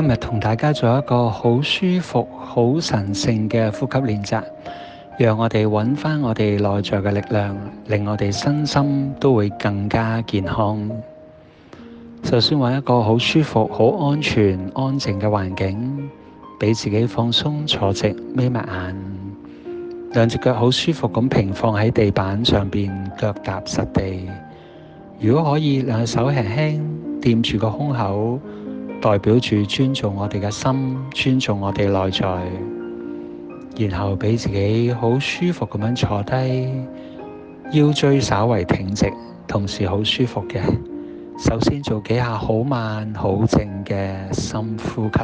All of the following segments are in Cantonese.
今日同大家做一個好舒服、好神聖嘅呼吸練習，讓我哋揾翻我哋內在嘅力量，令我哋身心都會更加健康。首先揾一個好舒服、好安全、安靜嘅環境，俾自己放鬆坐直，眯埋眼，兩隻腳好舒服咁平放喺地板上邊，腳踏實地。如果可以，兩隻手輕輕掂住個胸口。代表住尊重我哋嘅心，尊重我哋內在，然後俾自己好舒服咁樣坐低，腰椎稍為挺直，同時好舒服嘅。首先做幾下好慢、好靜嘅深呼吸，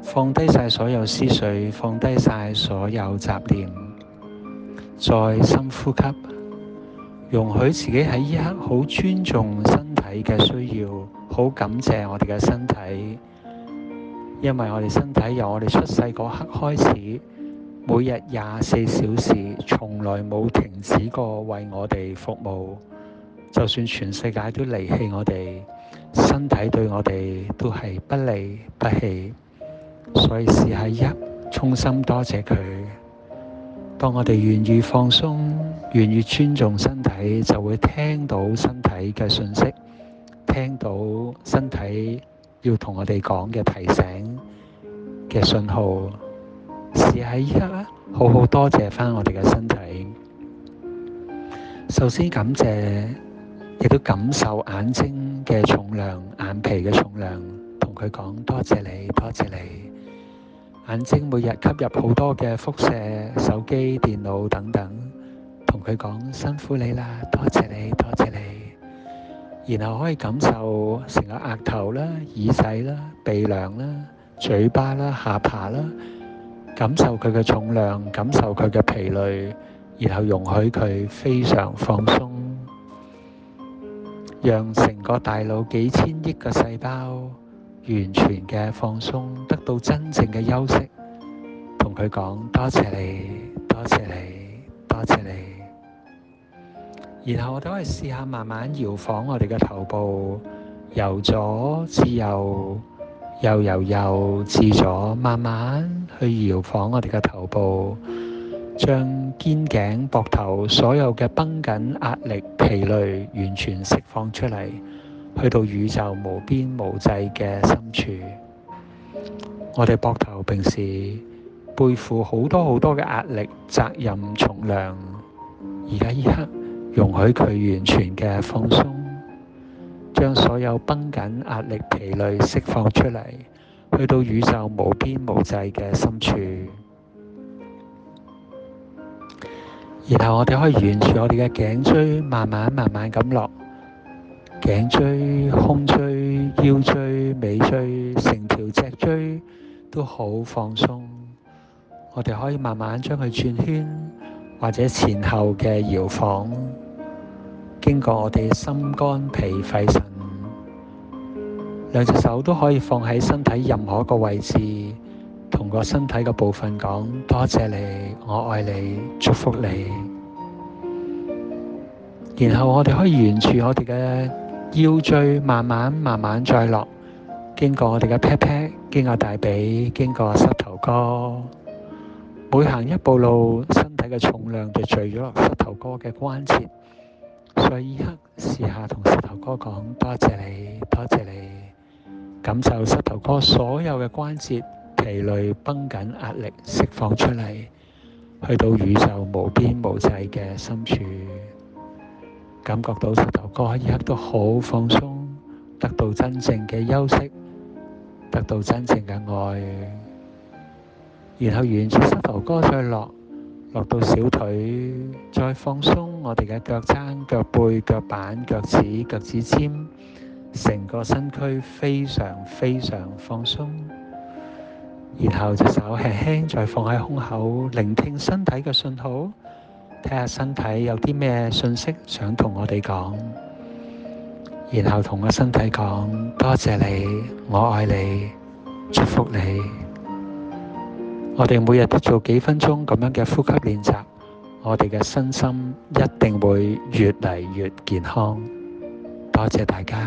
放低晒所有思緒，放低晒所有雜念，再深呼吸，容許自己喺一刻好尊重，你嘅需要好感謝我哋嘅身體，因為我哋身體由我哋出世嗰刻開始，每日廿四小時從來冇停止過為我哋服務。就算全世界都離棄我哋，身體對我哋都係不離不棄。所以試下一衷心多謝佢。當我哋願意放鬆，願意尊重身體，就會聽到身體嘅信息。聽到身體要同我哋講嘅提醒嘅信號，試下依家好好多謝翻我哋嘅身體。首先感謝，亦都感受眼睛嘅重量、眼皮嘅重量，同佢講多謝你，多謝你。眼睛每日吸入好多嘅輻射、手機、電腦等等，同佢講辛苦你啦，多謝你，多謝你。然後可以感受成個額頭啦、耳仔啦、鼻梁啦、嘴巴啦、下巴啦，感受佢嘅重量，感受佢嘅疲累，然後容許佢非常放鬆，讓成個大腦幾千億個細胞完全嘅放鬆，得到真正嘅休息。同佢講多謝你，多謝你，多謝你。然後我都可以試下，慢慢搖晃我哋嘅頭部，由左至右，由右由至左，慢慢去搖晃我哋嘅頭部，將肩頸、膊頭所有嘅繃緊壓力、疲累完全釋放出嚟，去到宇宙無邊無際嘅深處。我哋膊頭平時背負好多好多嘅壓力、責任、重量，而家呢刻。容許佢完全嘅放鬆，將所有繃緊、壓力、疲累釋放出嚟，去到宇宙無邊無際嘅深處。然後我哋可以沿住我哋嘅頸椎，慢慢慢慢咁落，頸椎、胸椎、腰椎、尾椎，成條脊椎都好放鬆。我哋可以慢慢將佢轉圈。或者前後嘅搖晃，經過我哋心肝脾肺腎，兩隻手都可以放喺身體任何一個位置，同個身體嘅部分講多謝你，我愛你，祝福你。然後我哋可以沿住我哋嘅腰椎慢慢慢慢再落，經過我哋嘅 pat pat，經過大髀，經過膝頭哥。每行一步路，身體嘅重量就聚咗落膝頭哥嘅關節。所以依刻試下同膝頭哥講：多謝你，多謝你。感受膝頭哥所有嘅關節疲累、繃緊、壓力釋放出嚟，去到宇宙無邊無際嘅深處，感覺到膝頭哥一刻都好放鬆，得到真正嘅休息，得到真正嘅愛。然後沿住膝頭哥再落落到小腿，再放鬆我哋嘅腳踭、腳背、腳板、腳趾、腳趾尖，成個身軀非常非常放鬆。然後隻手輕輕再放喺胸口，聆聽身體嘅信號，睇下身體有啲咩信息想同我哋講。然後同個身體講：多謝你，我愛你，祝福你。我哋每日都做幾分鐘咁樣嘅呼吸練習，我哋嘅身心一定會越嚟越健康。多謝大家。